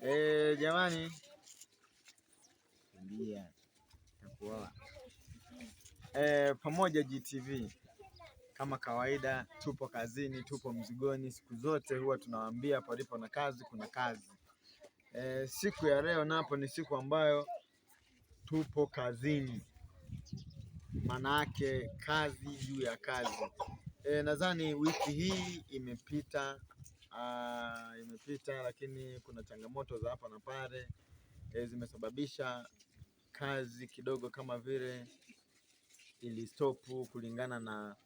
Eh, jamani, ndia takuoa eh, pamoja GTV kama kawaida, tupo kazini, tupo mzigoni. Siku zote huwa tunawaambia palipo na kazi kuna kazi. E, siku ya leo napo ni siku ambayo tupo kazini, maana yake kazi juu ya kazi e, nadhani wiki hii imepita uh, imepita, lakini kuna changamoto za hapa na pale e, zimesababisha kazi kidogo kama vile ilistopu kulingana na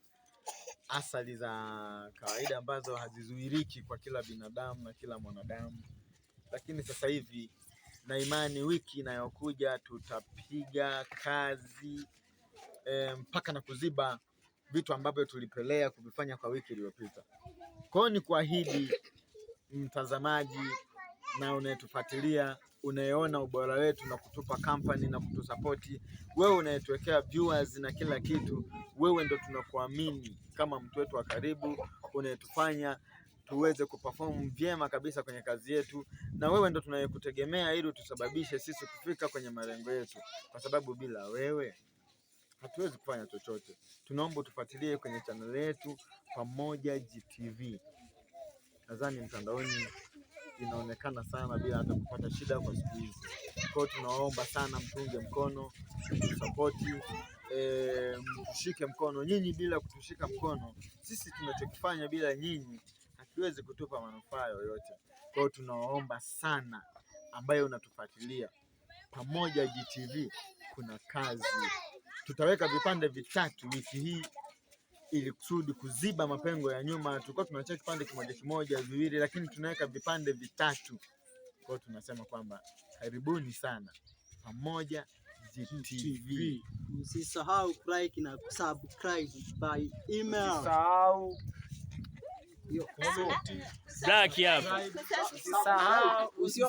asali za kawaida ambazo hazizuiriki kwa kila binadamu na kila mwanadamu, lakini sasa hivi na imani wiki inayokuja tutapiga kazi e, mpaka na kuziba vitu ambavyo tulipelea kuvifanya kwa wiki iliyopita. Kwa hiyo ni kuahidi mtazamaji na unayetufuatilia unayeona ubora wetu na kutupa company na kutusapoti, wewe unayetuwekea viewers na kila kitu, wewe ndo tunakuamini kama mtu wetu wa karibu, unayetufanya tuweze kuperform vyema kabisa kwenye kazi yetu, na wewe ndo tunayekutegemea ili utusababishe sisi kufika kwenye malengo yetu, kwa sababu bila wewe hatuwezi kufanya chochote. Tunaomba tufuatilie kwenye channel yetu Pamoja GTV. Nadhani mtandaoni inaonekana sana bila hata kupata shida kwa siku hizi. Kwa hiyo tunawaomba sana mtunge mkono, mtusapoti, e, eh, mtushike mkono. Nyinyi bila kutushika mkono, sisi tunachokifanya bila nyinyi hatuwezi kutupa manufaa yoyote. Kwa hiyo tunawaomba sana ambayo unatufuatilia Pamoja GTV, kuna kazi tutaweka vipande vitatu wiki hii ili kusudi kuziba mapengo ya nyuma. Tulikuwa tunaacha kipande kimoja kimoja viwili, lakini tunaweka vipande vitatu. Kwa hiyo tunasema kwamba karibuni sana Pamoja TV. msisahau like na subscribe by email. Msisahau Black hapo. Usisahau usio